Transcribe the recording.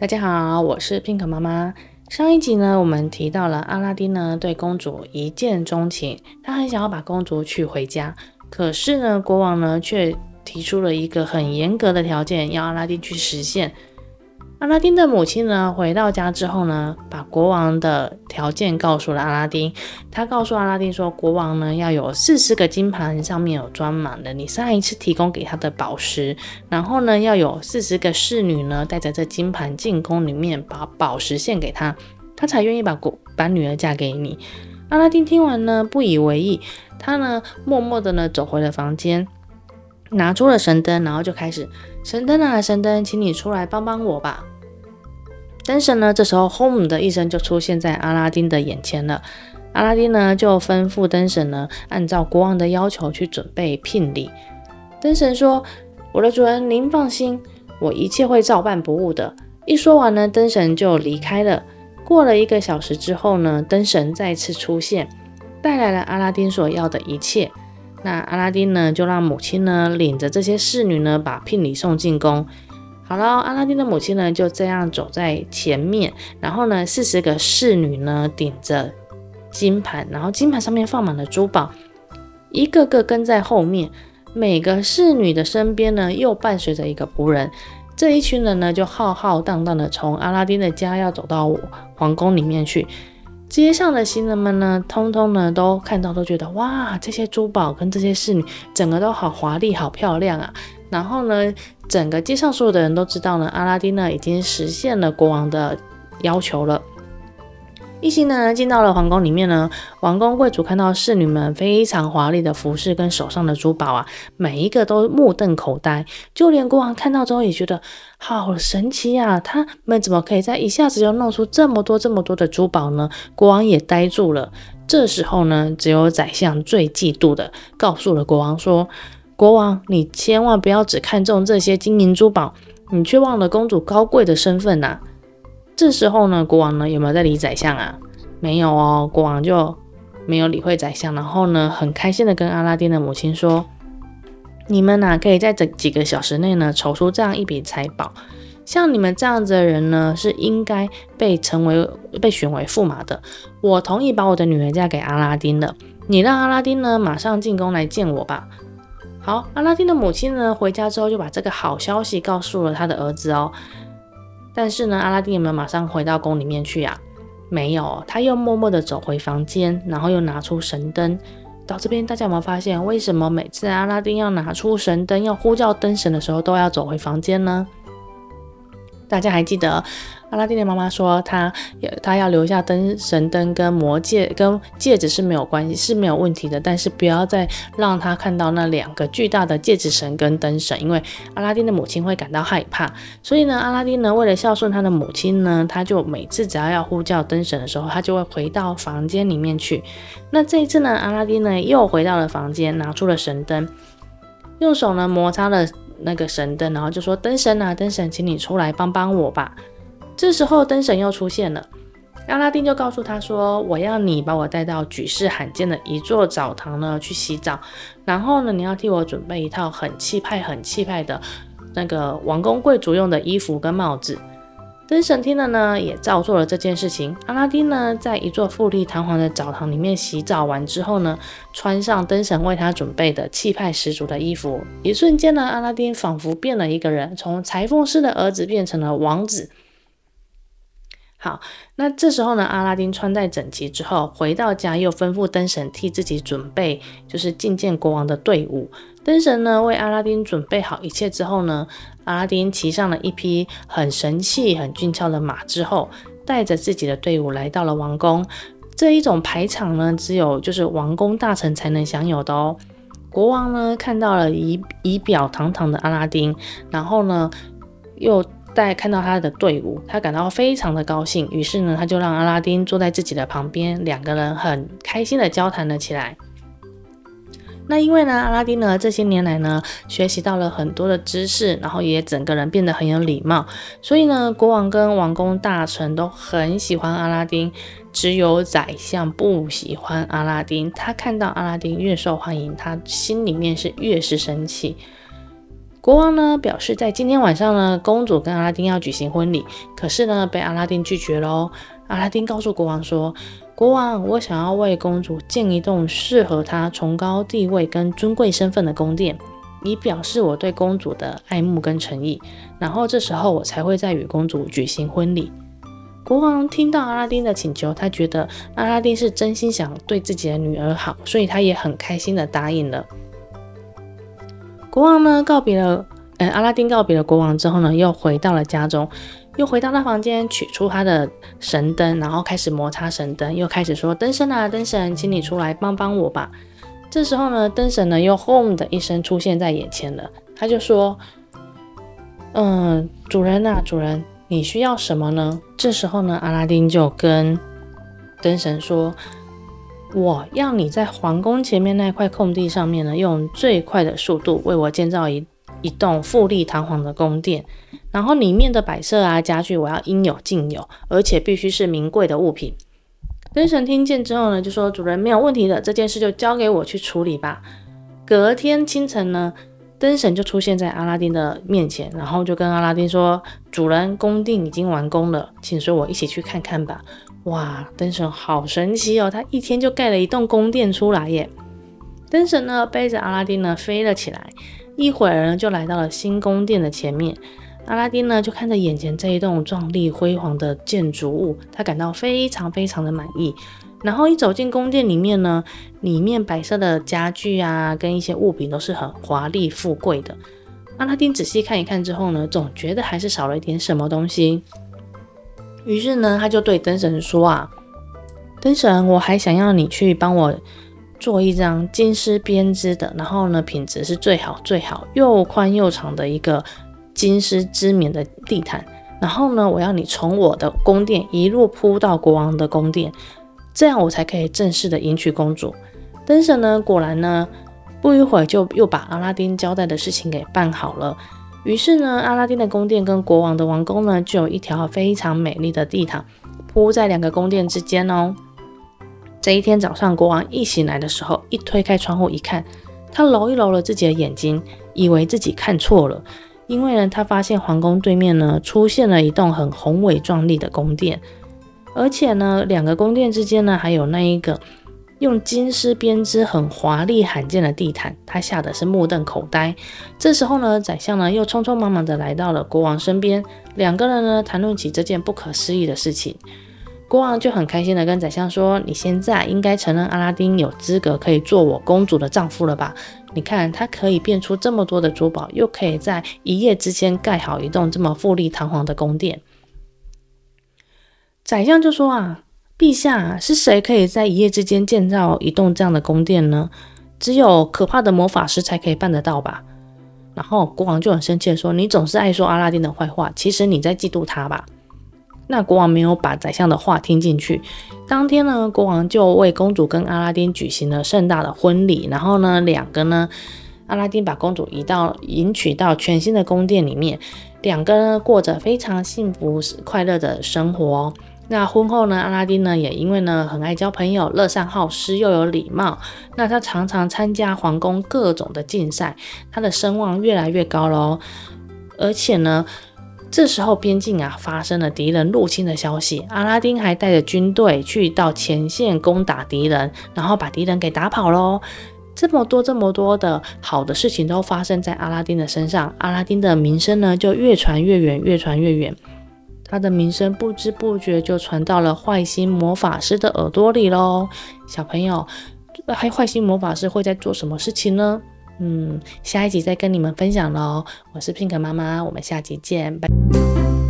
大家好，我是 Pink 媽媽。上一集呢，我們提到了阿拉丁呢對公主一見鍾情，他很想要把公主娶回家，可是呢，國王呢卻提出了一個很嚴格的條件，要阿拉丁去實現。阿拉丁的母親呢，回到家之後呢，把國王的條件告訴了阿拉丁。他告訴阿拉丁說，國王呢要有四十個金盤，上面有裝滿了你上一次提供給他的寶石。然後呢，要有四十個侍女呢，帶着這金盤進宮裡面，把寶石獻給他，他才願意把國把女兒嫁給你。阿拉丁聽完呢，不以為意。他呢，默默地呢，走回了房間，拿出了神燈，然後就開始。。神燈啊，神燈，請你出來幫幫我吧！燈神呢？這時候，轟的一聲就出現在阿拉丁的眼前了。阿拉丁呢，就吩咐燈神呢，按照國王的要求去準備聘禮。燈神說：“我的主人，您放心，我一切會照辦不誤的。”一說完呢，燈神就離開了。過了一個小時之後呢，燈神再次出現，帶來了阿拉丁所要的一切。那阿拉丁呢，就讓母親呢領着這些侍女呢，把聘禮送進宮。好了，阿拉丁的母親呢就這樣走在前面，然後呢四十個侍女呢頂着金盤，然後金盤上面放滿了珠寶，一個個跟在後面。每個侍女的身邊呢又伴隨着一個僕人，這一群人呢就浩浩蕩蕩的從阿拉丁的家要走到皇宮裡面去。街上的行人們呢，通通呢都看到，都覺得哇，這些珠寶跟這些侍女，整個都好華麗，好漂亮啊！然後呢，整個街上所有的人都知道呢，阿拉丁呢已經實現了國王的要求了。一行人呢進到了皇宮裡面呢，王公貴族看到侍女們非常華麗的服飾跟手上的珠寶啊，每一個都目瞪口呆。就連國王看到之後也覺得好神奇呀，啊，他們怎麼可以在一下子就弄出這麼多這麼多的珠寶呢？國王也呆住了。這時候呢，只有宰相最嫉妒的告訴了國王說：“國王，你千萬不要只看重這些金銀珠寶，你卻忘了公主高貴的身份吶，啊。”這時候呢，國王呢有沒有在理宰相啊？沒有哦，國王就沒有理會宰相。然後呢，很開心地跟阿拉丁的母親說：“你們吶、啊，可以在這幾個小時內呢，籌出這樣一筆財寶。像你們這樣子的人呢，是應該被成為被選為駙馬的。我同意把我的女兒嫁給阿拉丁的。你讓阿拉丁呢，馬上進宮來見我吧。”好，阿拉丁的母親呢，回家之後就把這個好消息告訴了他的兒子哦。但是呢，阿拉丁有沒有馬上回到宮裡面去啊？沒有，他又默默地走回房間，然後又拿出神燈。到這邊，大家有沒有發現，為什麼每次阿拉丁要拿出神燈，要呼叫燈神的時候，都要走回房間呢？大家還記得？阿拉丁的媽媽說：“他她，她要留下燈神燈跟魔戒跟戒指是沒有關係，是沒有問題的。但是不要再讓她看到那兩個巨大的戒指神跟燈神，因為阿拉丁的母親會感到害怕。所以呢，阿拉丁呢為了孝順他的母親呢，他就每次只要要呼叫燈神的時候，他就會回到房間裡面去。那這一次呢，阿拉丁呢又回到了房間，拿出了神燈，用手呢摩擦了那個神燈，然後就說：‘燈神啊，燈神，請你出來幫幫我吧。’”這時候，燈神又出現了。阿拉丁就告訴他說：“我要你把我帶到舉世罕見的一座澡堂呢去洗澡，然後呢，你要替我準備一套很氣派、很氣派的那個王公貴族用的衣服跟帽子。”燈神聽了呢，也照做了這件事情。阿拉丁呢，在一座富麗堂皇的澡堂裡面洗澡完之後呢，穿上燈神為他準備的氣派十足的衣服，一瞬間呢，阿拉丁仿佛變了一個人，從裁縫師的兒子變成了王子。好，那這時候呢，阿拉丁穿戴整齊之後，回到家又吩咐燈神替自己準備，就是覲見國王的隊伍。燈神呢，為阿拉丁準備好一切之後呢，阿拉丁騎上了一匹很神氣、很俊俏的馬，之後帶着自己的隊伍來到了王宮。這一種排場呢，只有就是王公大臣才能享有的哦。國王呢，看到了儀儀表堂堂的阿拉丁，然後呢，又。在看到他的隊伍，他感到非常的高興。於是呢，他就讓阿拉丁坐在自己的旁邊，兩個人很開心的交談了起來。那因為呢，阿拉丁呢這些年來呢，學習到了很多的知識，然後也整個人變得很有禮貌。所以呢，國王跟王公大臣都很喜歡阿拉丁，只有宰相不喜歡阿拉丁。他看到阿拉丁越受歡迎，他心裡面是越是生氣。國王呢表示，在今天晚上呢，公主跟阿拉丁要舉行婚禮，可是呢，被阿拉丁拒絕了哦。阿拉丁告訴國王說：“國王，我想要為公主建一棟適合她崇高地位跟尊貴身份的宮殿，以表示我對公主的愛慕跟誠意。然後這時候我才會再與公主舉行婚禮。”國王聽到阿拉丁的請求，他覺得阿拉丁是真心想對自己的女兒好，所以他也很開心的答應了。國王呢，告別了，欸，阿拉丁告別了國王之後呢，又回到了家中，又回到他房間，取出他的神燈，然後開始摩擦神燈，又開始說：“燈神啊，燈神，請你出來幫幫我吧。”這時候呢，燈神呢，又轟的一聲出現在眼前了。他就說：“嗯，主人啊，主人，你需要什麼呢？”這時候呢，阿拉丁就跟燈神說。我要你在皇宮前面那塊空地上面呢，用最快的速度為我建造一一棟富麗堂皇的宮殿，然後裡面的擺設啊、家具，我要應有盡有，而且必須是名貴的物品。燈神聽見之後呢，就說：“主人沒有問題的，這件事就交給我去處理吧。”隔天清晨呢。燈神就出現在阿拉丁的面前，然後就跟阿拉丁說：“主人，宮殿已經完工了，請隨我一起去看看吧。”哇，燈神好神奇哦！他一天就蓋了一棟宮殿出來耶。燈神呢，背着阿拉丁呢，飛了起來，一會兒呢，就來到了新宮殿的前面。阿拉丁呢，就看着眼前這一棟壯麗輝煌的建築物，他感到非常非常的滿意。然後一走進宮殿裡面呢，裡面擺設的家具啊，跟一些物品都是很華麗富貴的。阿拉丁仔細看一看之後呢，總覺得還是少了一點什麼東西。於是呢，他就對燈神說：“啊，燈神，我還想要你去幫我做一張金絲編織的，然後呢，品質是最好最好，又寬又長的一個金絲織棉的地毯。然後呢，我要你從我的宮殿一路鋪到國王的宮殿。”這樣我才可以正式的迎娶公主。燈神呢，果然呢，不一會兒就又把阿拉丁交代的事情給辦好了。於是呢，阿拉丁的宮殿跟國王的王宮呢，就有一條非常美麗的地毯鋪在兩個宮殿之間哦。這一天早上，國王一醒來的時候，一推開窗戶一看，他揉一揉了自己的眼睛，以為自己看錯了，因為呢，他發現皇宮對面呢，出現了一棟很宏偉壯麗的宮殿。而且呢，兩個宮殿之間呢，還有那一個用金絲編織很華麗、罕見的地毯，他嚇得是目瞪口呆。這時候呢，宰相呢又匆匆忙忙地來到了國王身邊，兩個人呢談論起這件不可思議的事情。國王就很開心的跟宰相說：“你現在應該承認阿拉丁有資格可以做我公主的丈夫了吧？你看他可以變出這麼多的珠寶，又可以在一夜之間蓋好一棟這麼富麗堂皇的宮殿。”宰相就說：“啊，陛下，是誰可以在一夜之間建造一棟這樣的宮殿呢？只有可怕的魔法師才可以辦得到吧。”然後國王就很生氣的說：“你總是愛說阿拉丁的壞話，其實你在嫉妒他吧？”那國王沒有把宰相的話聽進去。當天呢，國王就為公主跟阿拉丁舉行了盛大的婚禮。然後呢，兩個呢，阿拉丁把公主移到迎娶到全新的宮殿裡面，兩個過着非常幸福快樂的生活。那婚後呢，阿拉丁呢也因為呢很愛交朋友，樂善好施又有禮貌。那他常常參加皇宮各種的競賽，他的聲望越來越高嘍。而且呢，這時候邊境啊發生了敵人入侵的消息，阿拉丁還帶着軍隊去到前線攻打敵人，然後把敵人給打跑嘍。這麼多這麼多的好的事情都發生在阿拉丁的身上，阿拉丁的名聲呢就越傳越遠，越傳越遠。他的名聲不知不覺就傳到了壞心魔法師的耳朵裡嘍。小朋友，壞心魔法師會在做什麼事情呢？嗯，下一集再跟你們分享嘍。我是 pink 媽媽，我們下集見，拜拜。